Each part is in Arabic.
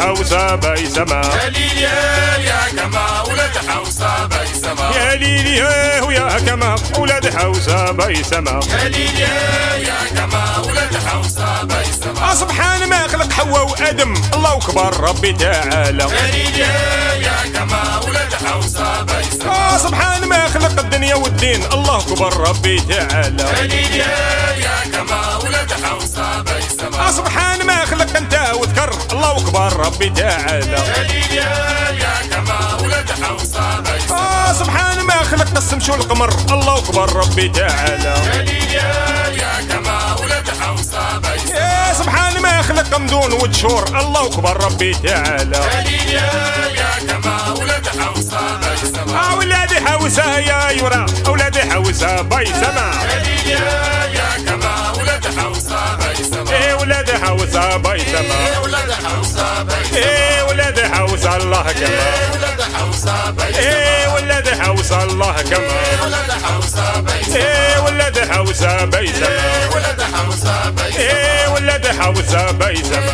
حوسا سما يا آه، ليلي يا كما ولد باي سما يا ليلي يا كما ولد باي سما يا ليلي يا كما ولد باي سما سبحان ما خلق حواء وادم الله اكبر ربي تعالى يا آه، ليلي يا كما ولد باي سما سبحان ما خلق الدنيا والدين الله اكبر ربي تعالى يا آه، ليلي يا كما ولد حوسا سما سبحان وكبر ربي تعالى يا دليل يا كما ولد حوصة آه سبحان ما خلق قسم شو القمر الله وكبر ربي تعالى يا دليل يا كما ولد حوصة يا سبحان ما خلق قمدون وتشور الله وكبر ربي تعالى يا دليل يا كما ولد حوصة آه ولادي حوسة يا يورا أولادي حوسة بيسما دليل إيه، يا كما ولد حوصة بيسما ولاد حوسة بيسما ولاد ايه ولاد حوسه الله كمان ولاد حوسه الله كما ولاد حوسه بيسما ايه ولاد حوسه بيسما ايه ولاد حوسه بيسما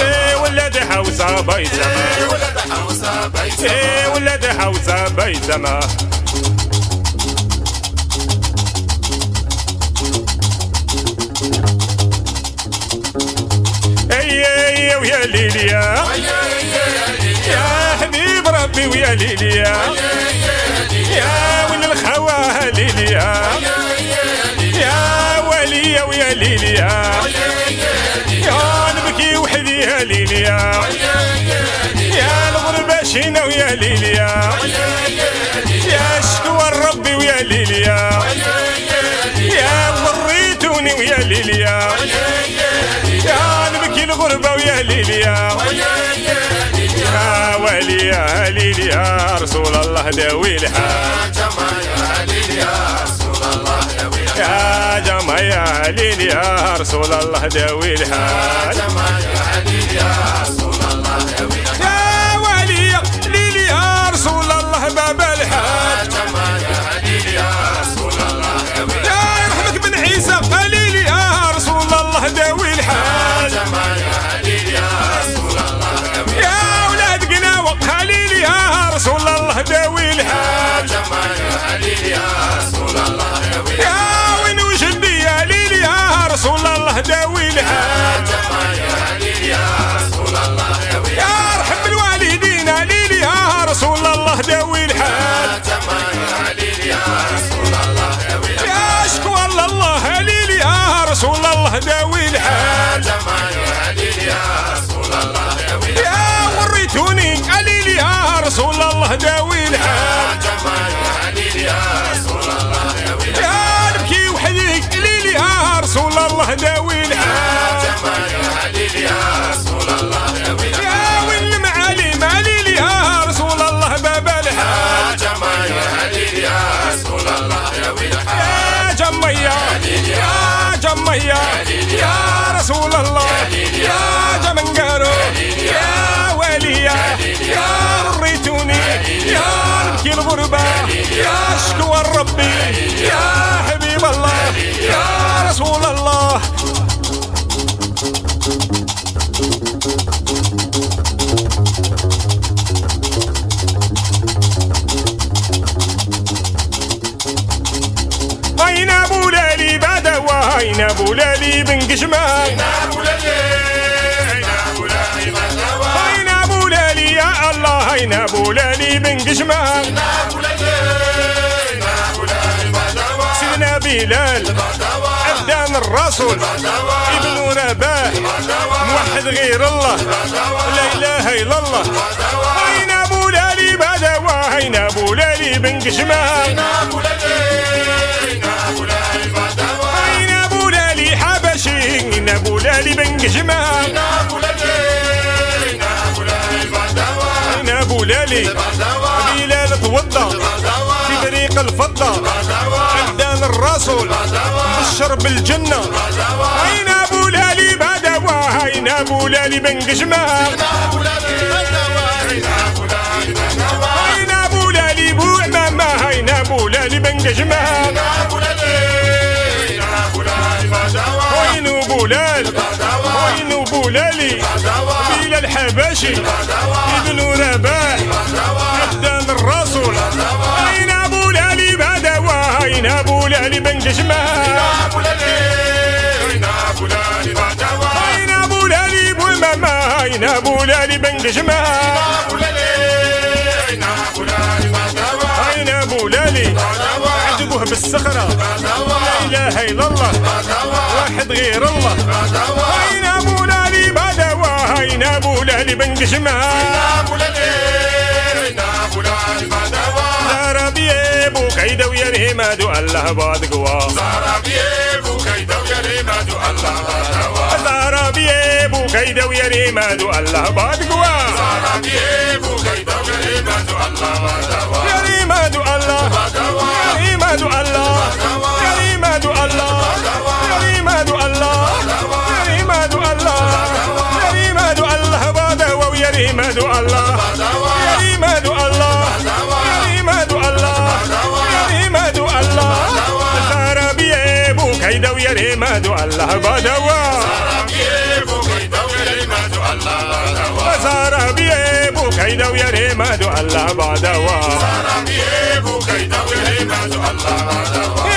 ايه ولاد حوسه بيسما ايه ولاد حوسه بيسما ايه ويا ليليا يا حبيب ربي ويا ليليا يا ولي الخوا ليليا يا وليا ويا ليليا يا نبكي وحدي يا ليليا يا الغربة شينا ويا ليليا يا شكوى ربي ويا ليليا يا وريتوني ويا ليليا لي الغربة ويا ليليا ويا ويلي يا ليليا رسول الله داوي لها يا ليليا رسول الله يا جماعة يا ليليا رسول الله داوي لها يا جماعة يا ليليا رسول الله داوي لها ويل يا وين الخليل يا رسول الله داويل يا وين وش يا رسول الله داويل يا جمال الخليل يا رسول الله داويل يا ارحم الوالدين يا رسول الله داويل يا شكوى الخليل يا رسول الله داويل يا شكوى الله ليل يا رسول الله داويل يا جمال رسول الله داوي الحال يا جمال حليل يا رسول الله داوي الحال نبكي وحديك ليلي يا رسول الله داوي الحال يا جمال حليل يا رسول الله داوي الحال يا وين المعالي معالي يا رسول الله باب الحال يا جمال حليل يا رسول الله داوي الحال يا جمال يا جمال يا رسول الله في الغربة يا شكوى الربي يا حبيب الله يا رسول الله عينا بولاني بن قشمان سيدنا بلال أبدان الرسول ابن نباه موحد غير الله لا اله الا الله عينا بولاني بدوا عينا بولاني بن قشمان عينا بولاني حبشي عينا بولاني بن قشمان ولالي بلال توضى في طريق الفضة عندنا الرسول بشر بالجنة أين أبو لالي بدوا أين أبو لالي بن قجمة أين أبو لالي بو عمامة أين أبو لالي بن قجمة وين أبو لالي أبو لالي وين أبو لالي الحبشي ابن رباح عبد الرسول اين ابو لالي بدوا اين ابو لالي بن جشمه اين ابو لالي بوماما اين ابو لالي لالي بن جشمه اين ابو لالي عجبوه بالصخره لا اله الا الله واحد غير الله اين بولاني بنقشمها وينا بولاني وينا بولاني كيدا ويا ما دو الله باد قوا زاربيه بو كيدا ويا ما دو الله باد قوا زاربيه بو كيدا ويا ما دو الله باد قوا زاربيه بو كيدا ويا ما دو الله باد قوا عماد الله يا عماد الله يا عماد الله يا عماد الله سارة بيبو كيدو يا عماد الله بدوا سارة بيبو كيدو يا عماد الله بدوا سارة بيبو كيدو يا عماد الله بدوا